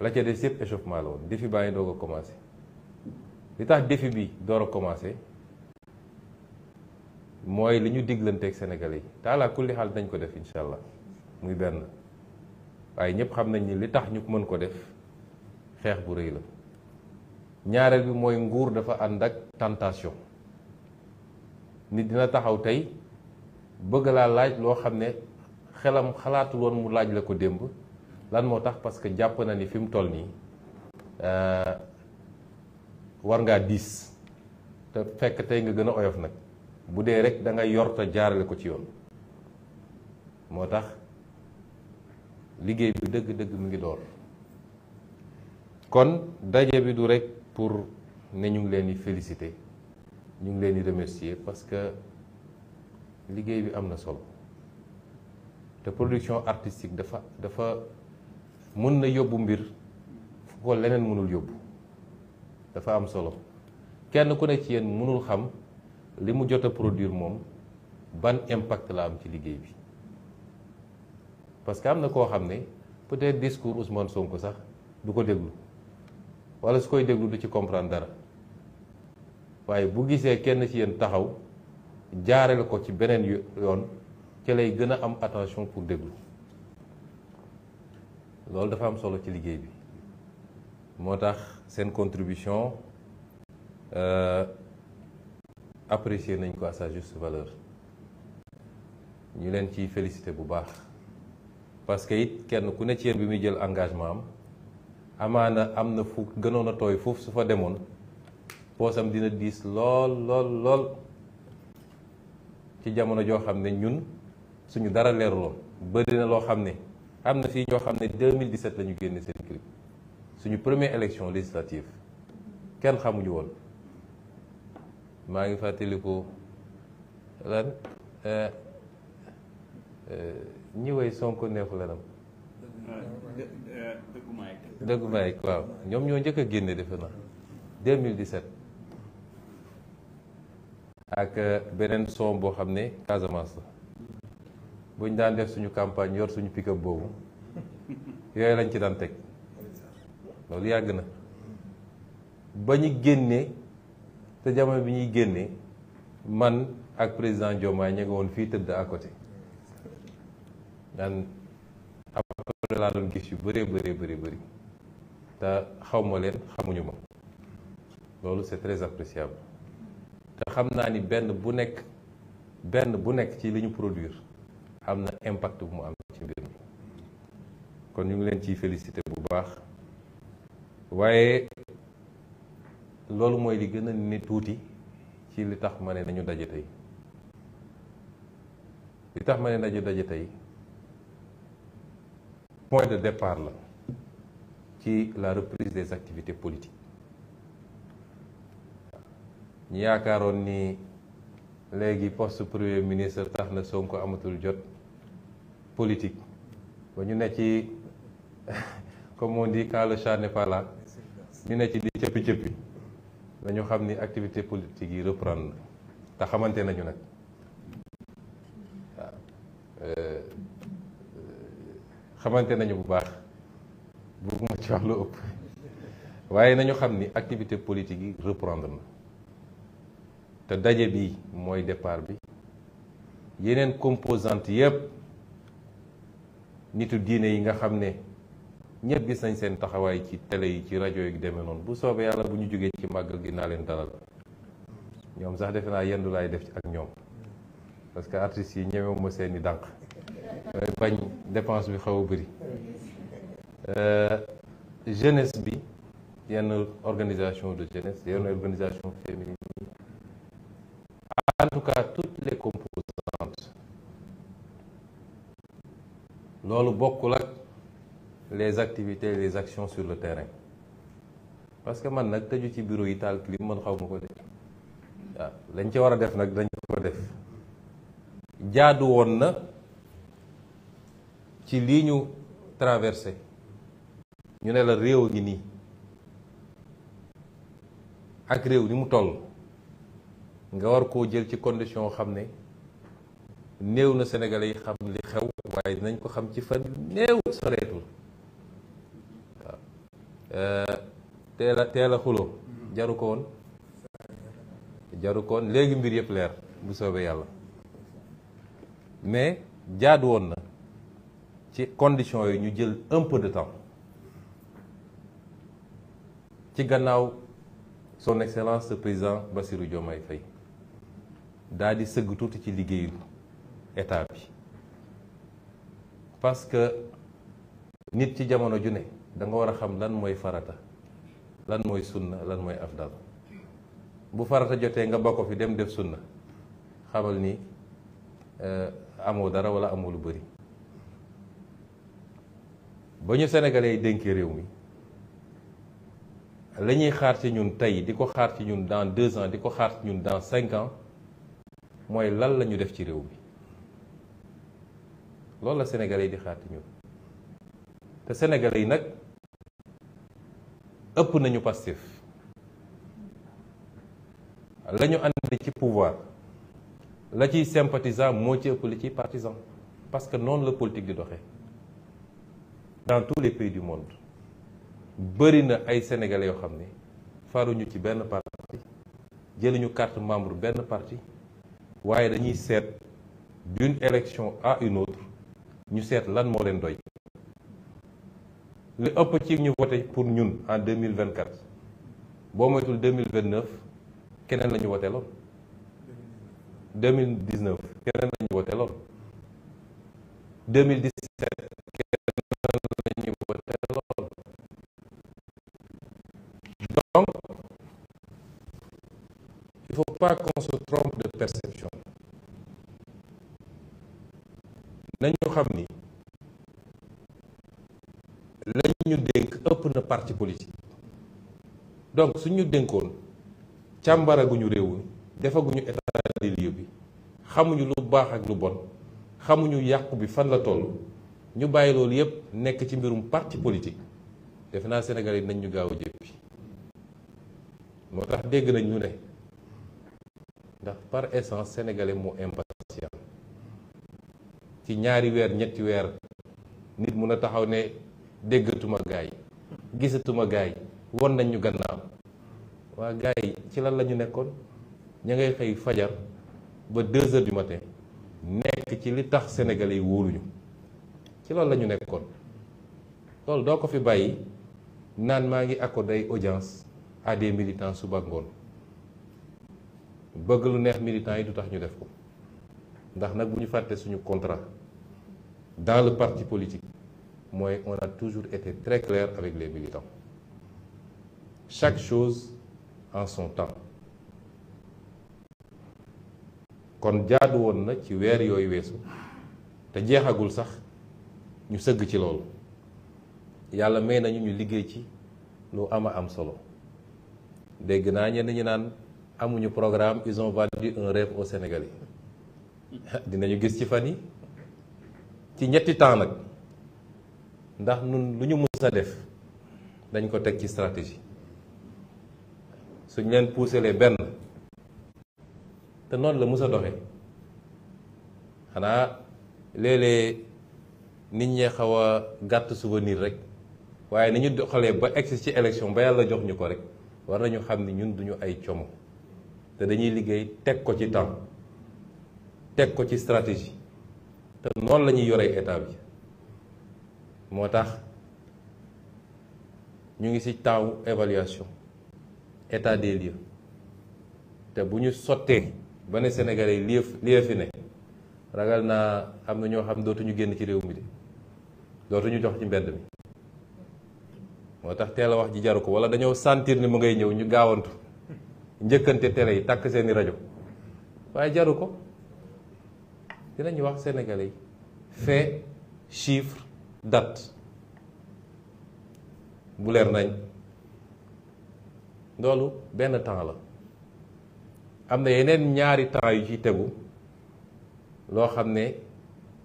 la ca des yëpp échauffement la woon défi baa ngi doog a commencé li tax défi bi door a commencé mooy li ñu diglanteeg Sénégalais yi taalaa kulli xaal dañ ko def incha allah muy benn waaye ñëpp xam nañ ni li tax ñu mën ko def xeex bu rëy la ñaareel bi mooy nguur dafa ànd ak tentation nit dina taxaw tey bëgg laa laaj loo xam ne xelam xalaatul woon mu laaj la ko démb lan moo tax parce que jàpp na ni fi mu toll nii euh, war ngaa diis te fekk tey nga gën a oyof nag bu dee rek da nga yor jaarale ko ci yoon moo tax liggéey bi dëgg-dëgg mu ngi door kon daje bi du rek pour ne ñu ngi leen di féliciter ñu ngi leen di remercier parce que liggéey bi am na solo te production artistique dafa dafa. mën na yóbbu mbir fu ko leneen mënul yóbbu dafa am solo kenn ku ne ci yéen mënul xam li mu jot produir moom ban impact la am ci liggéey bi parce que am na koo xam ne peut-être discours Ousmane Sonko sax du ko déglu wala su koy déglu du ci comprendre dara waaye bu gisee kenn ci yéen taxaw jaarale ko ci beneen yoon ci lay gën a am attention pour déglu. loolu dafa am solo ci liggéey bi moo tax seen contribution euh, apprécier nañ ko à sa juste valeur ñu leen ci félicité bu baax parce que it kenn ku ne ci yéen bi muy jël engagement am amaana am na fu gënoon a tooy foofu su fa demoon poosam dina diis lool lool lool ci jamono joo xam ne ñun suñu dara leeruloon bëri na loo xam ne am na fii ñoo xam ne 2017 la ñu génne seen clip suñu première élection législative kenn xamuñu woon maa ngi fàttaliku lan euh, euh, ñi way Sonko neexu lenam dëggu ñoom ñoo njëkk a génne defe naa 2017 ak euh, beneen son boo xam ne Casamance la buñ daan def suñu campagne yor suñu pick boobu yooyu lañ ci daan teg loolu yàgg na ba ñu génnee te jamono bi ñuy génnee man ak président Diomaye ñu ngi fii tëdd à côté naan après laa doon gis yu bëree bëree bëri bëri te xaw ma leen xamuñu ma loolu c'est très appréciable te xam naa ni benn bu nekk benn bu nekk ci li ñu produire am na impact bu mu am ci mbir mi kon ñu ngi leen ciy félicité bu baax waaye loolu mooy li gën a ne tuuti ci li tax ma ne nañu daje tey li tax ma ne nañu daje tey point de départ la ci la reprise des activités politiques ñu yaakaaroon ni léegi poste premier ministre tax na Sonko amatul jot politique ba ñu ne ci comme on dit quand le ñu nekk ci di cëppi cëppi dañu xam ni activité politique yi reprendre te xamante nañu nag euh, xamante nañu bu baax bugguma ci wax lu ëpp waaye nañu xam ni activité politique yi reprendre na te daje bi mooy départ bi yeneen composante yëpp nitu diine yi nga xam ne ñëpp gis nañ seen taxawaay ci télé yi ci rajo yi demee noonu bu soobee yàlla bu ñu jógee ci màgg gi naa leen dalal ñoom sax defe naa du lay def ci ak ñoom parce que artistes yi ñemewuma seeni i dànq bañ dépense bi xaw a bëri euh, jeunesse bi yenn organisation de jeunesse yenn organisation féminine en tout les compo loolu bokkul ak les activités les actions sur le terrain parce que man nag tëju ci bureau yi taal clim man xaw ma ko de waaw lañ ci war a def nag dañ ko def jaadu woon na ci lii ñu traversé ñu ne la réew ngi nii ak réew ni mu toll nga war koo jël ci condition xam ne néew na Sénégalais yi xam li xew waaye dinañ ko xam ci fan yu néew soreetul waaw eh, teel jaru ko woon jaru ko woon léegi mbir yëpp leer bu soobee yàlla mais jaadu woon na ci conditions yi ñu jël un de temps ci gannaaw son excellence le président Bassirou Diomaye Faye daal di sëgg tuuti ci liggéeyu état bi parce que nit ci jamono ju ne da nga war a xam lan mooy farata lan mooy sunna lan mooy dal bu farata jotee nga bokk fi dem def sun sunna xamal ni euh, amoo dara wala amoo lu bari ba ñu sénégalais dénkee réew mi la ñuy xaar ci ñun tey di ko xaar ci ñun dans deux ans di ko xaar ci ñun dans cinq ans mooy lan la ñu def ci réew mi loolu la Sénégalais yi di xaar ci te Sénégalais yi nag ëpp nañu Pastef la ñu ànd ci pouvoir la ciy sympathisant moo ci ëpp li ciy partisan parce que noonu la politique di doxe dans tous les pays du monde bëri na ay sénégalais yoo xam ne faruñu ci benn parti jëluñu carte membre benn parti waaye dañuy seet d'une élection à une autre ñu seet lan moo leen doy li ëpp ci ñu voté pour ñun en deux mille vingt quatre boo moytul deux mille vingt neuf keneen la ñu voté lool deux mille dix neuf keneen la ñu lool deux mille dix il faut pas qu'on se trompe. xam ni lañ ñu dénk ëpp na parti politique donc suñu dénkoon càmbaraguñu réew mi defaguñu état des lieux bi xamuñu lu baax ak lu bon xamuñu yàqu bi fan la toll ñu bàyyi loolu yépp nekk ci mbirum parti politique def naa Sénégal yi nañ ñu gaaw a jéppi moo tax dégg nañ ñu ne ndax par essence sénégalais moo impact ci ñaari weer ñetti weer nit mun a taxaw ne déggatuma gaay gisatuma gaay won nañ ñu gannaaw waa gaay ci lan la ñu nekkoon ña ngay xëy fajar ba deux heures du matin nekk ci li tax sénégalais yi wóoluñu ci loolu la ñu nekkoon loolu doo ko fi bàyyi naan maa ngi accordé ay audience à des militants ngoon bëgg lu neex militants yi du tax ñu def ko ndax nag bu ñu fàtte suñu contrat dans le parti politique mooy on a toujours été très clair avec les militants chaque chose en son temps kon jaadu woon na ci weer yooyu weesu te jeexagul sax ñu sëgg ci lool yàlla may nañu ñu liggéey ci lu ama am solo dégg naa ñenn ñi naan amuñu programme ils ont vendu un rêve aux Sénégalais dinañu gis ci fan yi ci ñetti temps nag ndax nun lu ñu mus a def dañ ko teg ci stratégie suñ leen puusalee benn te noonu la mus a doxe xanaa léeg-léeg nit ñi xaw a gàtt souvenir rek waaye ni ñu doxalee ba egsi ci élection ba yàlla jox ñu ko rek war na ñu xam ni ñun duñu ay como te dañuy liggéey teg ko ci temps teg ko ci stratégie te noonu lañuy ñuy yoree bi moo tax ñu ngi ci temps évaluation état des te bu ñu sottee ba ne Sénégalais yi lii lii fi ne ragal naa am na ñoo xam dootuñu génn ci réew mi de dootuñu jox ci mbedd mi moo tax teel wax ji jaru ko wala dañoo santiir ni mu ngay ñëw ñu gaawantu njëkkante tere yi takk seeni rajo waaye jaru ko. dinañu wax sénégalais yi fait chiffre date bu nañ loolu benn temps la am na yeneen ñaari temps yu ci tegu loo xam ne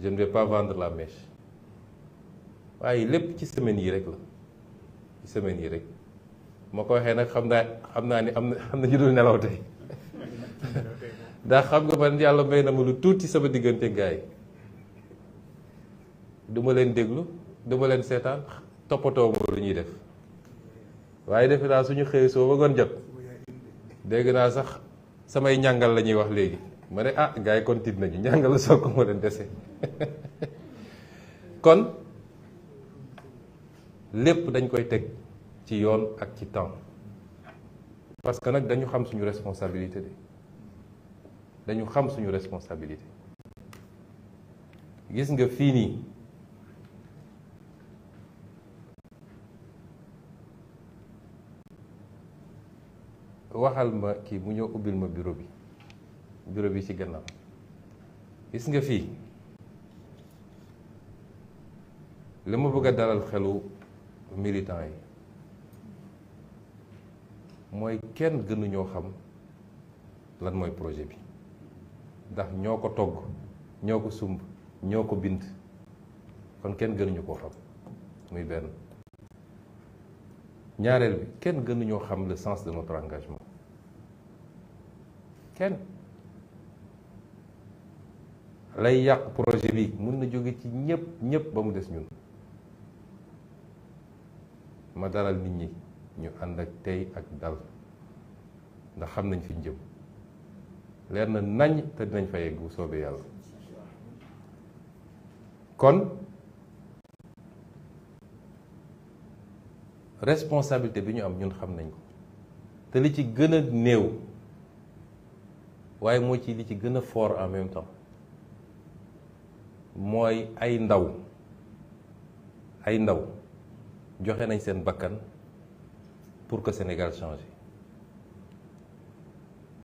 je ne pas vendre la mèche waaye lépp ci semaine yi rek la ci semaine yi rek ma ko waxee nag xam naa xam naa ni am na am na ñu dul nelaw tey ndax xam nga ma yàlla may na mu lu tuuti sama diggante gaay duma leen déglu duma leen seetaan toppatoo lu ñuy def waaye defe naa suñu xëyee soo bëggoon jot dégg naa sax samay ñàngal la ñuy wax léegi ma ne ah gars yi kon tiit nañu ñàngal la soo ko ma leen dese kon lépp dañ koy teg ci yoon ak ci temps parce que nag dañu xam suñu responsabilité de dañu xam suñu responsabilité gis nga fii nii waxal ma kii mu ñëw ubbil ma bureau bi bureau bi ci gannaaw gis nga fii li ma bëgg a dalal xelu militant yi mooy kenn gënuñoo xam lan mooy projet bi ndax ñoo ko togg ñoo ko sumb ñoo ko bind kon kenn gënuñu koo xam muy benn ñaareel bi kenn gënuñoo xam le sens de notre engagement kenn lay yàq projet bi mën na jóge ci ñëpp ñëpp ba mu des ñun ma dalal nit ñi ñu ànd ak tey ak dal ndax xam nañ fi ñu leer na nañ te dinañ fa yegg bu soobee yàlla kon responsabilité bi ñu am ñun xam nañ ko te li ci gën a néew waaye moo ci li ci gën a fort en même temps mooy ay ndaw ay ndaw joxe nañ seen bakkan pour que Sénégal change